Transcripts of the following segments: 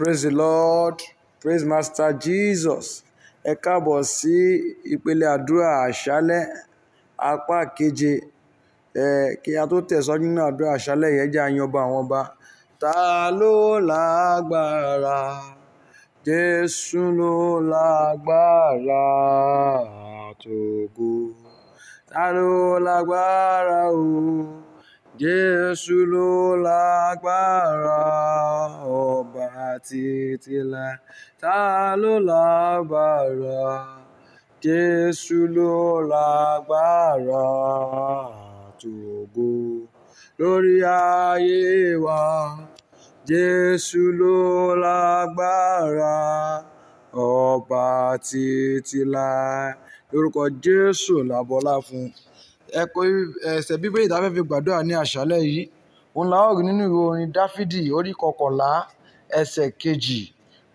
praise the lord praise master jesus ẹ káàbọ̀ sí ìpele àdúrà àṣálẹ́ apá keje ẹ kí a tó tẹ̀sọ́jú nínú àdúrà àṣálẹ́ yẹn jẹ́ àyànbọ àwọn ọba ta ló lágbára jésù ló lágbára tògo ta ló lágbára o jésù ló lágbára tìtìlẹ̀ ta ló lágbára? Jésù ló lágbára tògo lórí ayé wa. Jésù ló lágbára ọba tìtìlẹ̀. Lórúkọ Jésù làbọ́lá fún. Ẹ̀kọ́ ẹsẹ̀ bíbélì tí a fẹ́ fi gbàdúrà ní àṣálẹ́ yìí. Òun la ó rí nínú ìwé orin Dáfídì orí kọkànlá ẹsẹ̀ kejì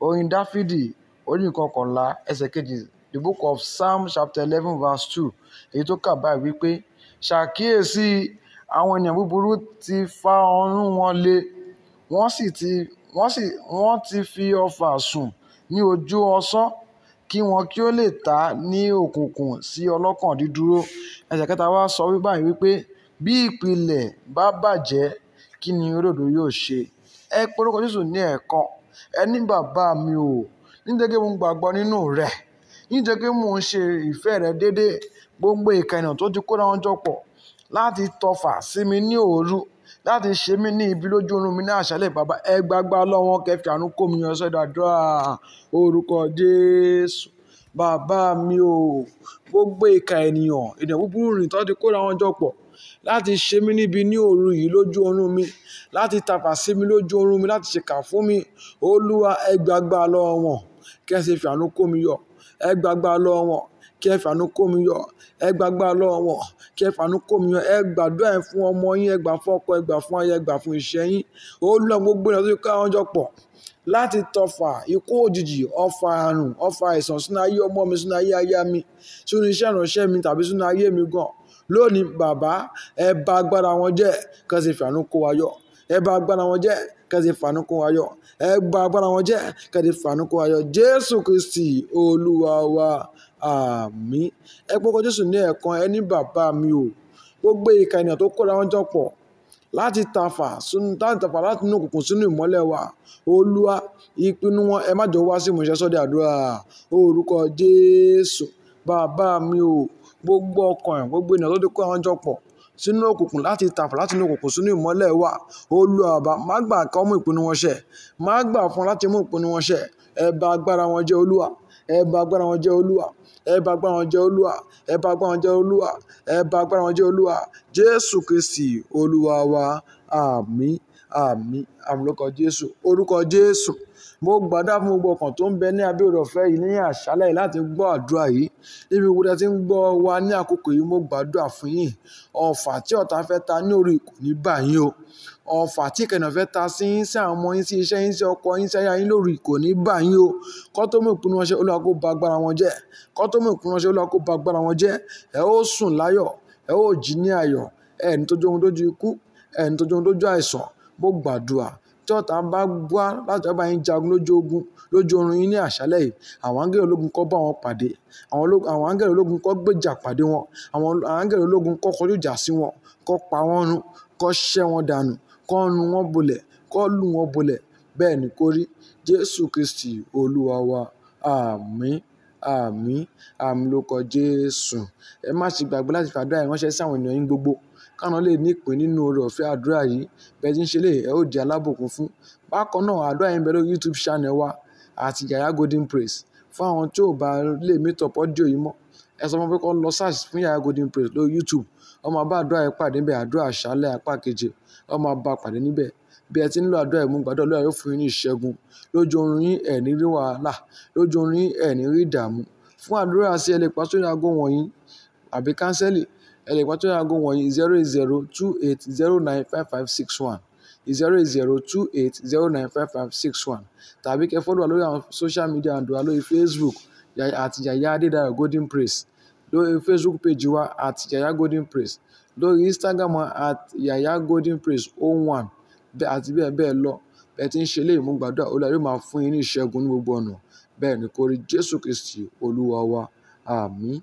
orin Dáfídì orí ìkọkànlá ẹsẹ̀ kejì The Book of Psalm chapter eleven verse two èyí tó kà báyìí wípé ṣàkíyèsí àwọn ènìyàn búburú ti fa ọrun wọn lé wọ́n sì ti wọ́n sì wọ́n ti fi ọfà sùn ní ojú ọsán kí wọn kí ó lè ta ní òkùnkùn sí ọlọ́kàn dídúró ẹsẹ̀ kẹta wá sọ wí báyìí wípé bí ìpìlẹ̀ bá bàjẹ́ kí ni olódodo yóò ṣe ẹ pe orúkọ Jésù ní ẹ̀ẹ̀kan ẹ ní bàbá mi o nítorí pé mo gbàgbọ́ nínú rẹ̀ nítorí pé mo ń ṣe ìfẹ́ rẹ̀ déédéé gbogbo ìkànnì tó ti kóra wọn jọ pọ̀ láti tọfà sí mi ní òru láti ṣe mí ní ibi lójú oorun mi ní àṣálẹ́ bàbá ẹ gbàgbá lọ́wọ́ kẹfì àánú kò mí yan sọ́dọ̀ orúkọ Jésù bàbá mi o gbogbo ìka ènìyàn ènìyàn búburú rìn tó ti kóra wọn jọ pọ̀ láti ṣe mí níbi ní òru yìí lójú oorun mi láti tàpá sí mi lójú oorun mi láti ṣèkà fún mi olúwa ẹgbàgbà lọ́wọ́ wọn kẹsì fìànú kó mi yọ ẹgbàgbà lọ́wọ́ wọn kí ẹ fàánú kó mi yọ ẹ gbàgbà lọ́wọ́ wọn kí ẹ fàánú kó mi yọ ẹ gbàdúrà ẹ fún ọmọ yín ẹ gbà fún ọkọ ẹ gbà fún ayé ẹ gbà fún iṣẹ́ yín olùlọ gbogbo ìrìnàjò yìí káwọn jọ pọ̀ láti tọfà ikú òjijì ọfà àrùn ọfà àìsàn sínú ayé ọmọ mi sínú ayé aya mi sínú iṣẹ́ ìránṣẹ́ mi tàbí sínú ayé mi gan-an lónìí bàbá ẹ bà agbára wọn jẹ́ kàn sì fàánú kó wa yọ ẹ bà agbára wọn jẹ́ kàn sì fàánú kó wa yọ ẹ bà agbára wọn jẹ́ kàn fàánú kó wa yọ jésù kristi olúwa wa àmín ẹ pọ́kọ́ jésù ní ẹ̀kan ẹ ní bàbá mi o gbogbo ìka ènìyàn tó kóra wọn jọ pọ̀ láti tàfà láti tàfà láti inú òkùnkùn sínú ìmọ́lẹ̀ wa olúwa ìpinnu wọn ẹ má jọ wá sí ìmúṣẹ sọ́dẹ̀ àdúrà orúkọ jésù bàbá mi o gbogbo ọkàn ẹ̀ gbogbo ènìyàn tó ti kó wọn jọ pọ̀ sínú òkùnkùn láti tàpá láti inú òkùnkùn sínú ìmọ́lẹ̀ wà Olúwa baba má gbà kí wọ́n mú ìpinnu wọn ṣẹ má gbà fún wọn láti mú ìpinnu wọn ṣẹ ẹ bà agbára wọn jẹ́ Olúwa ẹ bà agbára wọn jẹ́ Olúwa ẹ bà agbára wọn jẹ́ Olúwa ẹ bà agbára wọn jẹ́ Olúwa ẹ bà agbára wọn jẹ́ Olúwa Jésù Kristi Olúwa wa àmín àmín àmín lórúkọ Jésù orúkọ Jésù mo gbàdá fún gbogbo ọkàn tó ń bẹ ní abẹ́ òròfẹ́ yìí ní àṣálẹ́ láti gbọ́ àdúrà yìí níbi gbogbo tí ń gbọ́ wa ní àkókò yìí mo gbàdúrà fún yín ọ̀fà tí ọ̀tá fẹ́ ta ní orí kò ní bà o ọ̀fà tí ìkànnà fẹ́ ta sí yín sí àwọn ọmọ yín sí iṣẹ́ yín sí ọkọ yín sí aya yín lórí kò ní bà o kọ́ tó mú ìpinnu wọn ṣe Olúwa kó ba agbára wọn jẹ́ kọ́ tó mú ìpinnu wọn ṣe Olúwa kó ba agbára wọn jẹ́ ẹ ó sùn láyọ̀ ẹ ó jí ní ayọ̀ ẹni tó jóun dójú ikú ẹni tó jóun àìsàn mo gbàdúrà tí ọ̀tá bá wá láti ọba yín jagun lójú ogun lójú oorun yín ní àṣálẹ́ yìí àwọn áńgẹ̀rẹ̀ ológun kó bá wọn pàdé àwọn áńgẹ̀rẹ̀ ológun kó gbèjà pàdé wọn àwọn áńgẹ̀rẹ̀ ológun kó kọjú ìjà sí wọn kó pa wọn run kó ṣẹ́ wọn dànù kó nu wọn bolẹ̀ kó lù wọn bolẹ̀ bẹ́ẹ̀ ni kó Jésù Kristi Olúwa wa àmín àmín àmín lórúkọ Jésù. Ẹ má ṣe gbàgbé láti fi àdúrà yìí ránṣẹ́ sí àwọn ènìyàn yín gbogbo káwọn lè ní ìpín nínú oore-ọ̀fẹ́ àdúrà yìí. Bẹ́ẹ̀ tí ń ṣe eléyìí, ẹ ó di alábùkún fún. Bákan náà, àdúrà yìí ń bẹ lórí YouTube channel wa àti Yaya Golden Praise. Fún àwọn tí ò bá lè meet up audio yìí mọ́, ẹ sọ fún pé kí lọ search fún Yaya Golden Praise lórí YouTube. Wọ́n máa bá àdúrà yìí pàdé níbẹ̀, àdúrà àṣálẹ́ apá keje. Wọ́n máa bá a pàdé bí ẹ ti ń lo àdúrà yìí mo gbàdúrà Olúwa yóò fún yín ní ìṣẹ́gun lójú oorun yín ẹ̀ ní rí wàhálà lójú oorun yín ẹ̀ ní rí ìdààmú fún àdúrà sí ẹ lè pa sórí aago wọ̀nyí àbí kánsẹ́lì ẹ lè pa sórí aago wọ̀nyí zero eight zero two eight zero nine five five six one zero eight zero two eight zero nine five five six one tàbí kẹ́ fọ́lọ́ wa lórí àwọn social media àdúrà lórí Facebook àti Yaya Adédayọ̀ Golden Praise lórí Facebook page wa àti Yaya Golden Praise lórí Instagram at Yaya Golden Praise oh one àti bẹ́ẹ̀ bẹ́ẹ̀ lọ bẹ́ẹ̀ tí ń ṣe eléyìí mú gbàdúrà olúwa yóò máa fún yín ní ìṣẹ́gun ní gbogbo ọ̀nà bẹ́ẹ̀ ni kó jésù kristi olúwa wa àmín